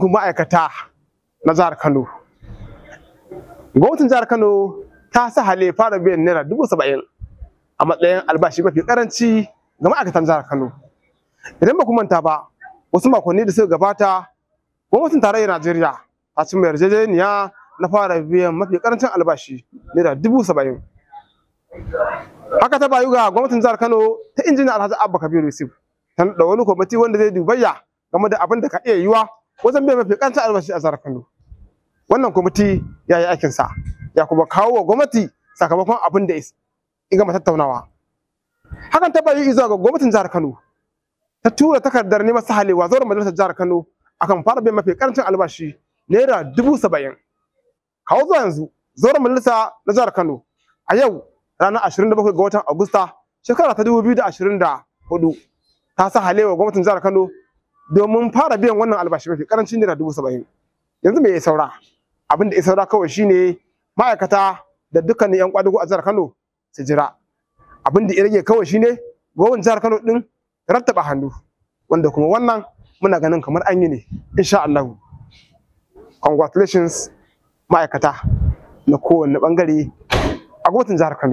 ku ma'aikata na jihar Kano. Gwamnatin jihar Kano ta sa sahale fara biyan naira dubu saba'in a matsayin albashi mafi karanci ga ma'aikatan jihar Kano. Idan ba ku manta ba, wasu makonni da suka gabata, gwamnatin tarayyar Najeriya ta cimma yarjejeniya na fara biyan mafi karancin albashi naira dubu saba'in. Haka ta bayu ga gwamnatin jihar Kano ta injiniya Alhaji Abba Kabiru Yusuf ta da wani kwamiti wanda zai dubayya game da abin da ka iya yiwa wajen bai mafi kanta albashi a zarar Kano wannan kwamiti ya yi aikin sa ya kuma kawo wa gwamnati sakamakon abin da in gama tattaunawa hakan ta bayi izuwa ga gwamnatin jihar Kano ta tura takardar neman halewa zauren majalisar jihar Kano akan fara bai mafi karancin albashi naira dubu saba'in kawo zuwa yanzu zauren majalisa na jihar Kano a yau ranar 27 ga watan Agusta shekara ta da 2024 ta sa halewa gwamnatin jihar Kano domin fara biyan wannan albashi mafi karancin naira dubu saba'in yanzu me ya saura abin da ya saura kawai shine ma'aikata da dukkanin yan kwadugo a jihar Kano su jira abin da ya rage kawai shine gwamnatin jihar Kano din rattaba hannu wanda kuma wannan muna ganin kamar an yi ne insha Allah congratulations ma'aikata na kowanne bangare a gwamnatin jihar Kano